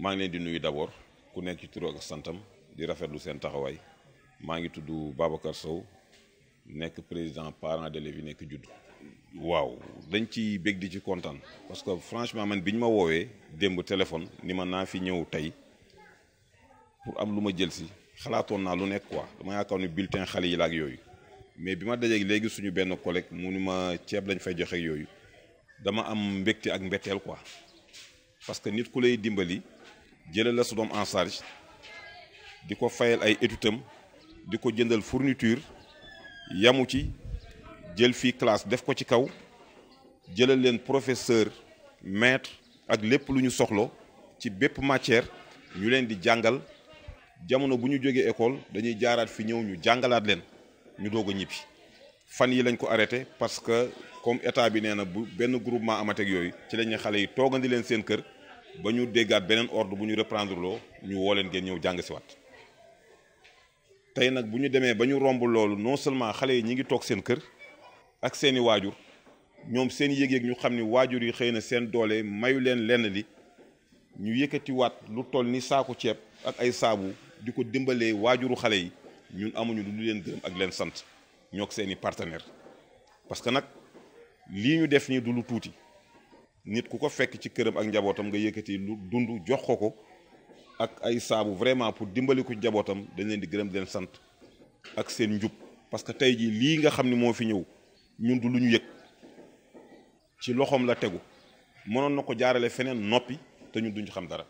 maa ngi leen di nuyu d'abord ku nekk ci turu ak santam di rafetlu seen taxawaay maa ngi tudd Babacar Sow nekk président parent d'élèves yi nekk judd. waaw dañ ci bég di ci kontaan parce que franchement man bi ñu ma woowee démb téléphone ni ma naa fi ñëw tey pour am lu ma jël si xalaatoon naa lu nekk quoi dama yaakaar ni bulletin xale yi la ak yooyu mais bi ma dajee léegi suñu benn collègue mu ni ma ceeb lañ fay joxe yooyu dama am mbégte ak mbetteel quoi parce que nit ku lay dimbali. jëlal la sa doom en charge di ko fayal ay étutam di ko jëndal fourniture yamu ci jël fii classe def ko ci kaw jëlal leen professeur maître ak lépp lu ñu soxlo ci bépp matière ñu leen di jàngal jamono bu ñu jógee école dañuy jaaraat fi ñëw ñu jàngalaat leen ñu doog a ñibbi fan yi lañ ko arrêté parce que comme état bi nee na bu benn groupement amateeg yooyu ci lañuy xale yi toogandi leen seen kër ba ñu déggaat beneen ordre bu ñu reprendre loo ñu woo leen ngeen ñëw jàng si waat tey nag bu ñu demee ba ñu romb loolu non seulement xale yi ñi ngi toog seen kër ak seeni waajur ñoom seen yéeg-yéeg ñu xam ni waajur yi xëy na seen doole mayu leen lenn li ñu yëkkatiwaat lu toll ni saaku ceeb ak ay saabu di ko dimbalee waajuru xale yi ñun amuñu lu leen gërëm ak leen sant ñoo ak seeni partenaire parce que nag lii ñu def nii du lu tuuti nit ku ko fekk ci këram ak njabootam nga yëkkati lu dund jox ko ko ak ay saabu vraiment pour dimbali ko njabootam dañ leen di gërëm di leen sant ak seen njub parce que tey jii lii nga xam ne moo fi ñëw ñun du lu ñu yëg ci loxoom la tegu mënoon na ko jaarale feneen noppi te ñun duñu xam dara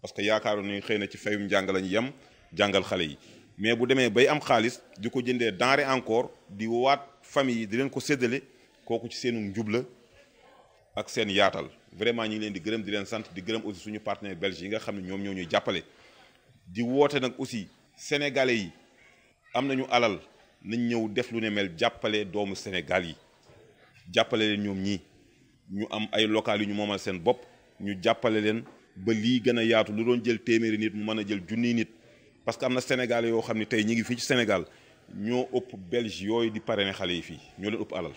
parce que yaakaaroon ni xëy na ci fayum njàng lañu yem jàngal xale yi mais bu demee bay am xaalis di ko jëndee denrée encore di waat famille yi di leen ko séddale kooku ci seenu njub ak seen yaatal vraiment ñu ngi leen di gërëm di leen sant di gërëm aussi suñu partenaire belge yi nga xam ne ñoom ñoo ñuy jàppale di woote nag aussi sénégalais yi am nañu alal nañ ñëw def lu ne mel jàppale doomu Sénégal yi jàppale leen ñoom ñi ñu am ay local yu ñu moomal seen bopp ñu jàppale leen ba lii gën a yaatu lu doon jël téeméeri nit mu mën a jël junni nit parce que am na sénégalais yoo xam ne tey ñi ngi fii ci Sénégal ñoo ëpp belge yooyu di parrainer xale yi fii ñoo ëpp alal